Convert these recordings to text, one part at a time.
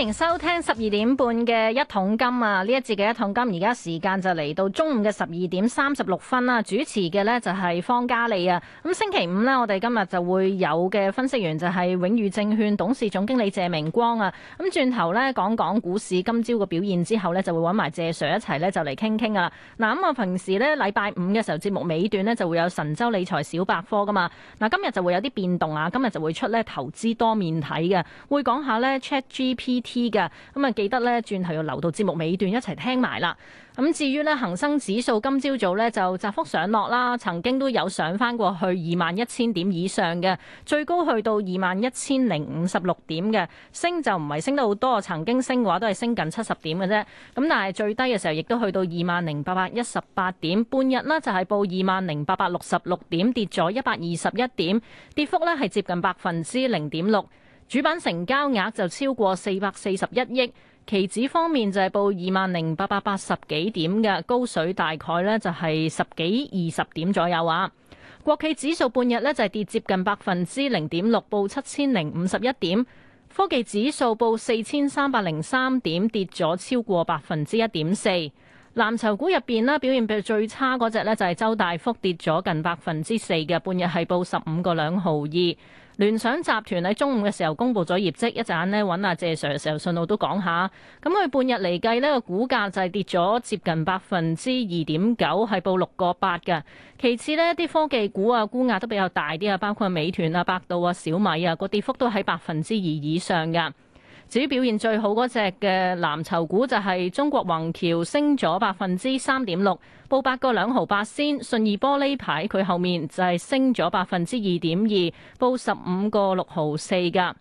歡迎收聽十二點半嘅一桶金啊！呢一節嘅一桶金，而家時間就嚟到中午嘅十二點三十六分啦、啊。主持嘅呢就係方嘉莉啊。咁星期五呢，我哋今日就會有嘅分析員就係永裕證券董事總經理謝明光啊。咁轉頭呢講講股市今朝嘅表現之後呢，就會揾埋謝 Sir 一齊呢就嚟傾傾啊。嗱、啊，咁啊平時呢禮拜五嘅時候節目尾段呢，就會有神州理財小百科噶嘛。嗱、啊，今日就會有啲變動啊，今日就會出呢投資多面睇嘅，會講下呢 ChatGPT。嘅咁啊，記得咧轉頭要留到節目尾段一齊聽埋啦。咁至於咧恆生指數今朝早咧就窄幅上落啦，曾經都有上返過去二萬一千點以上嘅，最高去到二萬一千零五十六點嘅，升就唔係升得好多，曾經升嘅話都係升近七十點嘅啫。咁但係最低嘅時候亦都去到二萬零八百一十八點，半日呢就係報二萬零八百六十六點，跌咗一百二十一點，跌幅呢係接近百分之零點六。主板成交額就超過四百四十一億，期指方面就係報二萬零八百八十幾點嘅高水，大概呢就係十幾二十點左右啊。國企指數半日呢就係跌接近百分之零點六，報七千零五十一點。科技指數報四千三百零三點，跌咗超過百分之一點四。藍籌股入邊咧表現最最差嗰隻呢，就係周大福跌咗近百分之四嘅，半日係報十五個兩毫二。聯想集團喺中午嘅時候公布咗業績，一陣間咧揾阿謝 Sir 嘅時候順路都講下。咁佢半日嚟計呢個股價就係跌咗接近百分之二點九，係報六個八嘅。其次呢啲科技股啊，沽壓都比較大啲啊，包括美團啊、百度啊、小米啊，個跌幅都喺百分之二以上嘅。至於表現最好嗰隻嘅藍籌股就係中國宏橋，升咗百分之三點六，報八個兩毫八仙。信義玻璃排，佢後面就係升咗百分之二點二，報十五個六毫四㗎。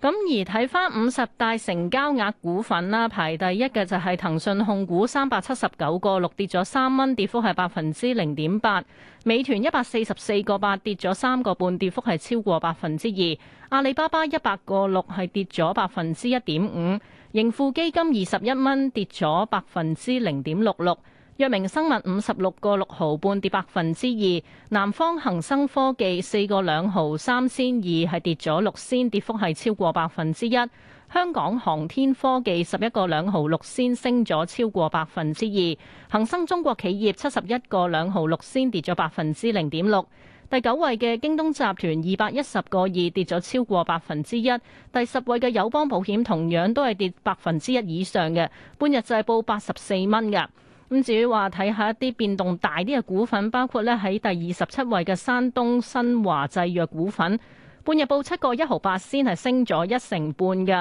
咁而睇翻五十大成交額股份啦，排第一嘅就係騰訊控股三百七十九個六，跌咗三蚊，跌幅係百分之零點八。美團一百四十四個八，跌咗三個半，跌幅係超過百分之二。阿里巴巴一百個六係跌咗百分之一點五。盈富基金二十一蚊，跌咗百分之零點六六。藥明生物五十六個六毫半跌百分之二，南方恒生科技四個兩毫三仙二係跌咗六仙，跌幅係超過百分之一。香港航天科技十一個兩毫六仙升咗超過百分之二，恒生中國企業七十一個兩毫六仙跌咗百分之零點六。第九位嘅京東集團二百一十個二跌咗超過百分之一，第十位嘅友邦保險同樣都係跌百分之一以上嘅，半日就係報八十四蚊㗎。咁至於話睇下一啲變動大啲嘅股份，包括咧喺第二十七位嘅山東新華製藥股份，半日報七個一毫八先係升咗一成半㗎，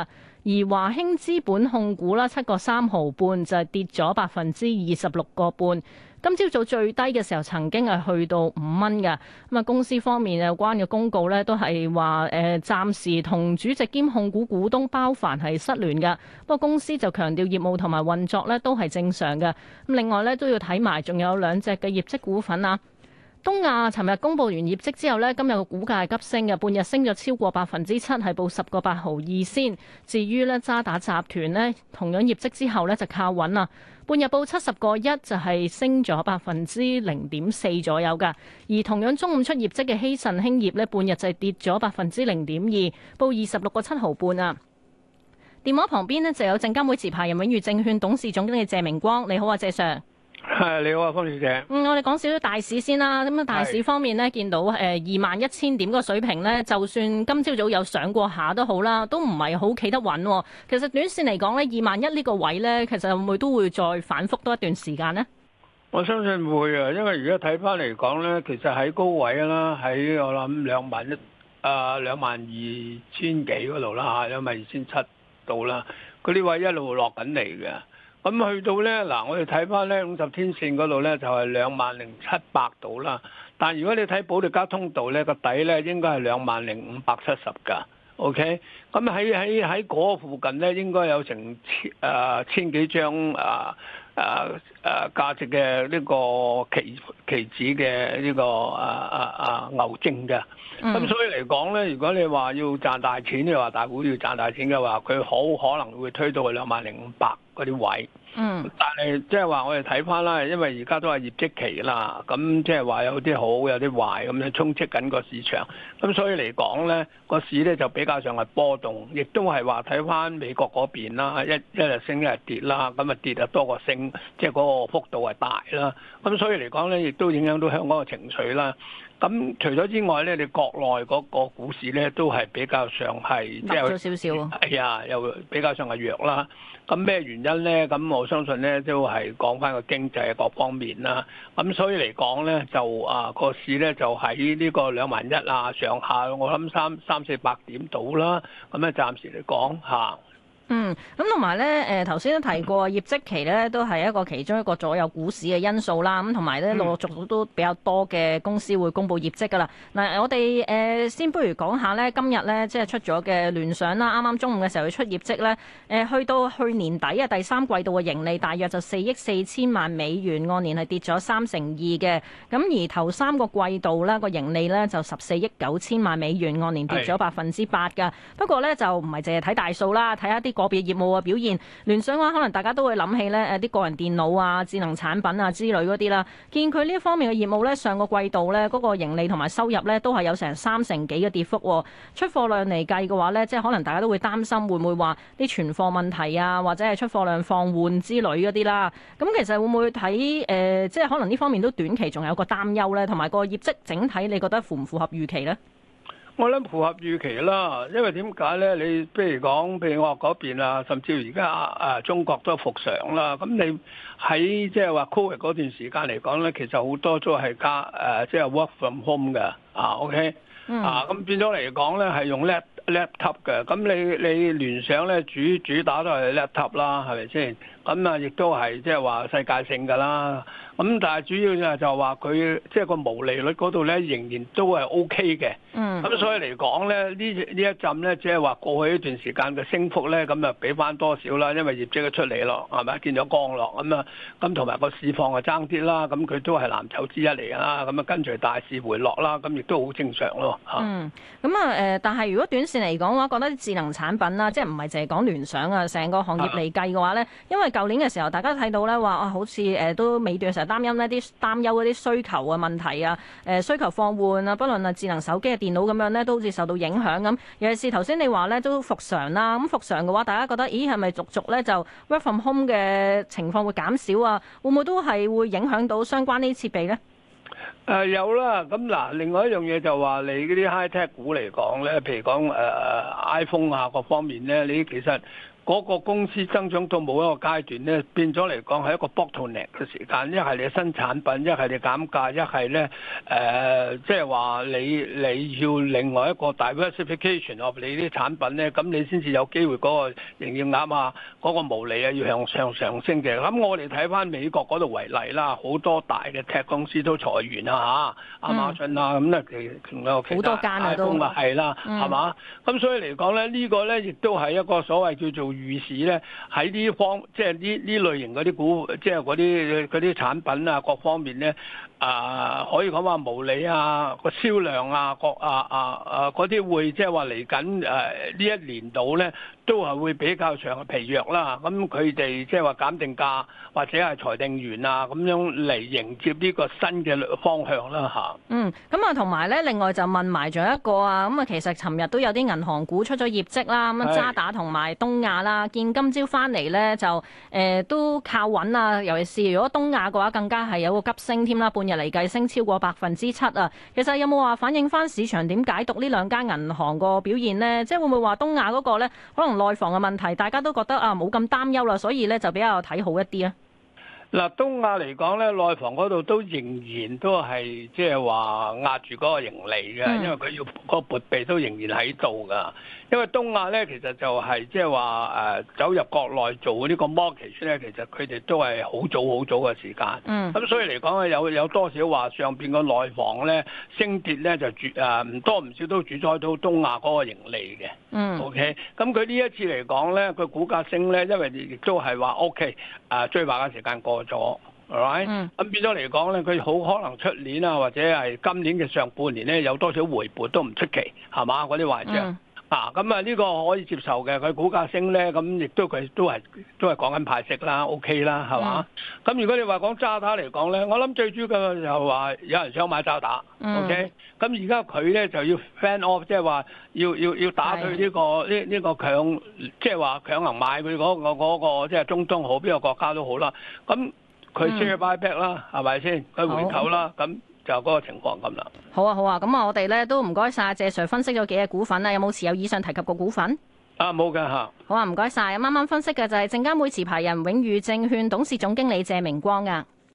而華興資本控股啦，七個三毫半就係跌咗百分之二十六個半。今朝早最低嘅時候曾經係去到五蚊㗎，咁啊公司方面有關嘅公告呢都係話誒暫時同主席兼控股股東包凡係失聯㗎，不過公司就強調業務同埋運作呢都係正常㗎。咁另外呢都要睇埋仲有兩隻嘅業績股份啊。東亞尋日公布完業績之後呢今日個股價急升嘅，半日升咗超過百分之七，係報十個八毫二先。至於咧渣打集團呢，同樣業績之後呢，就靠穩啦，半日報七十個一，就係升咗百分之零點四左右噶。而同樣中午出業績嘅希慎興業呢，半日就跌咗百分之零點二，報二十六個七毫半啊。電話旁邊呢，就有證監會持牌人永裕證券董事總經理謝明光，你好啊，謝 sir。係你好啊，方小姐。嗯，我哋講少少大市先啦。咁啊，大市方面咧，見到誒二萬一千點個水平咧，就算今朝早有上過下都好啦，都唔係好企得穩喎。其實短線嚟講咧，二萬一呢個位咧，其實會唔會都會再反覆多一段時間呢？我相信唔會啊，因為而家睇翻嚟講咧，其實喺高位啦，喺我諗兩萬一啊，兩萬二千幾嗰度啦吓，兩萬二千七度啦，嗰啲位一路落緊嚟嘅。咁去到咧嗱，我哋睇翻咧五十天線嗰度咧，就係兩萬零七百度啦。但係如果你睇保利加通道咧個底咧應該係兩萬零五百七十噶。OK，咁喺喺喺附近咧應該有成千誒、啊、千幾張誒誒誒價值嘅呢、呢個期期指嘅呢個誒誒誒牛證嘅。咁、嗯、所以嚟講咧，如果你話要賺大錢，你話大股要賺大錢嘅話，佢好可能會推到去兩萬零五百。啲位，嗯、但係即係話我哋睇翻啦，因為而家都係業績期啦，咁即係話有啲好，有啲壞咁樣充斥緊個市場，咁所以嚟講咧，個市咧就比較上係波動，亦都係話睇翻美國嗰邊啦，一一日升一日跌啦，咁啊跌啊多過升，即係嗰個幅度係大啦，咁所以嚟講咧，亦都影響到香港嘅情緒啦。咁除咗之外咧，你國內嗰個股市咧都係比較上係，即係，少少係啊、哎，又比較上係弱啦。咁咩原因咧？咁我相信咧都係講返個經濟各方面啦。咁所以嚟講咧，就啊市呢就個市咧就喺呢個兩萬一啊上下，我諗三三四百點度啦。咁咧暫時嚟講吓。嗯，咁同埋咧，誒頭先都提過、嗯、業績期咧，都係一個其中一個左右股市嘅因素啦。咁同埋咧，嗯、陸陸續續都比較多嘅公司會公布業績噶啦。嗱，我哋誒先不如講下呢，今日咧即係出咗嘅聯想啦，啱啱中午嘅時候佢出業績咧，誒、呃、去到去年底啊第三季度嘅盈利大約就四億四千萬美元，按年係跌咗三成二嘅。咁而頭三個季度咧個盈利咧就十四億九千萬美元，按年跌咗百分之八嘅。是不過咧就唔係淨係睇大數啦，睇下啲。個別業務嘅表現，聯想嘅話，可能大家都會諗起咧誒啲個人電腦啊、智能產品啊之類嗰啲啦。見佢呢一方面嘅業務咧，上個季度咧嗰、那個盈利同埋收入咧都係有成三成幾嘅跌幅、啊。出貨量嚟計嘅話咧，即係可能大家都會擔心會唔會話啲存貨問題啊，或者係出貨量放緩之類嗰啲啦。咁其實會唔會睇誒、呃，即係可能呢方面都短期仲有個擔憂咧，同埋個業績整體，你覺得符唔符合預期咧？我諗符合預期啦，因為點解咧？你譬如講，譬如我嗰邊啊，甚至而家啊，中國都復常啦。咁你喺即係、就、話、是、Covid 嗰段時間嚟講咧，其實好多都係加誒，即、啊、係、就是、Work from Home 嘅啊。OK，、嗯、啊，咁變咗嚟講咧，係用 lap laptop 嘅。咁你你聯想咧主主打都係 lap laptop 啦，係咪先？咁啊，亦都係即係話世界性㗎啦。咁但係主要就係就話佢即係個毛利率嗰度咧，仍然都係 OK 嘅。嗯。咁所以嚟講咧，呢呢一陣咧，即係話過去呢段時間嘅升幅咧，咁啊俾翻多少啦，因為業績都出嚟咯，係咪？見咗降落咁啊。咁同埋個市況啊，爭啲啦。咁佢都係藍籌之一嚟㗎啦。咁啊，跟住大市回落啦。咁亦都好正常咯。嗯。咁啊，誒，但係如果短線嚟講嘅話，覺得啲智能產品啦，即係唔係淨係講聯想啊，成個行業嚟計嘅話咧，因為。舊年嘅時候，大家睇到咧話啊，好似誒都尾段成日擔心呢啲擔憂啲需求嘅問題啊，誒需求放緩啊，不論係智能手機啊、電腦咁樣咧，都好似受到影響咁。尤其是頭先你話咧都復常啦，咁復常嘅話，大家覺得咦係咪逐逐咧就 work from home 嘅情況會減少啊？會唔會都係會影響到相關呢啲設備咧？誒、啊，有啦。咁嗱，另外一樣嘢就話你嗰啲 high tech 股嚟講咧，譬如講誒誒 iPhone 啊，各方面咧，你其實。嗰個公司增長到某一個階段咧，變咗嚟講係一個 bottleneck 嘅時間，一係你新產品，一係你減價，一係咧誒，即係話你你要另外一個 diversification of 你啲產品咧，咁你先至有機會嗰、那個營業額啊，嗰、那個毛利啊要向上上升嘅。咁我哋睇翻美國嗰度為例啦，好多大嘅 tech 公司都裁員啊，嚇、啊，亞馬遜啊咁咧，嗯嗯嗯、其好多間啊係啦，係嘛、嗯？咁所以嚟講咧，這個、呢個咧亦都係一個所謂叫做預示咧喺呢方即係呢呢類型嗰啲股，即係嗰啲嗰啲產品啊，各方面咧啊、呃，可以講話毛利啊，個銷量啊，各啊啊啊嗰啲會即係話嚟緊誒呢一年度咧。都係會比較長嘅疲弱啦，咁佢哋即係話減定價或者係裁定員啊咁樣嚟迎接呢個新嘅方向啦吓，嗯，咁啊同埋呢？另外就問埋咗一個啊，咁啊其實尋日都有啲銀行股出咗業績啦，咁、嗯、渣打同埋東亞啦，見今朝翻嚟呢，就誒、呃、都靠穩啊，尤其是如果東亞嘅話，更加係有個急升添啦，半日嚟計升超過百分之七啊。其實有冇話反映翻市場點解讀呢兩間銀行個表現呢？即係會唔會話東亞嗰個咧可能？內房嘅問題，大家都覺得啊冇咁擔憂啦，所以咧就比較睇好一啲啊。嗱，東亞嚟講咧，內房嗰度都仍然都係即係話壓住嗰個盈利嘅，因為佢要嗰個撥備都仍然喺度噶。因為東亞咧，其實就係即係話誒走入國內做個呢個 market 咧，其實佢哋都係好早好早嘅時間。嗯。咁所以嚟講啊，有有多少話上邊個內房咧升跌咧，就主誒唔多唔少都主宰到東亞嗰個盈利嘅。嗯。O K，咁佢呢一次嚟講咧，佢股價升咧，因為亦都係話 O K，誒最壞嘅時間過咗，係咪？嗯。咁變咗嚟講咧，佢好可能出年啊，或者係今年嘅上半年咧，有多少回撥都唔出奇，係嘛嗰啲壞賬。啊，咁啊呢個可以接受嘅，佢股價升咧，咁亦都佢都係都係講緊派息啦，O、OK、K 啦，係嘛？咁、嗯、如果你話講渣打嚟講咧，我諗最主要就話有人想買渣打，O K。咁而家佢咧就要 fan off，即係話要要要，要打佢呢、這個呢呢的、這個、這個強就是、強、那個，即係話強行買佢嗰個即係、那個就是、中東好，邊個國家都好、嗯家都好嗯、啦。咁佢 share buy back 啦，係咪先？佢回購啦，咁。就嗰情況咁啦。好啊好啊，咁啊我哋咧都唔該晒。謝 Sir 分析咗幾隻股份啊，有冇持有以上提及個股份？啊冇嘅嚇。啊好啊，唔該晒。咁啱啱分析嘅就係證監會持牌人永裕證券董事總經理謝明光噶。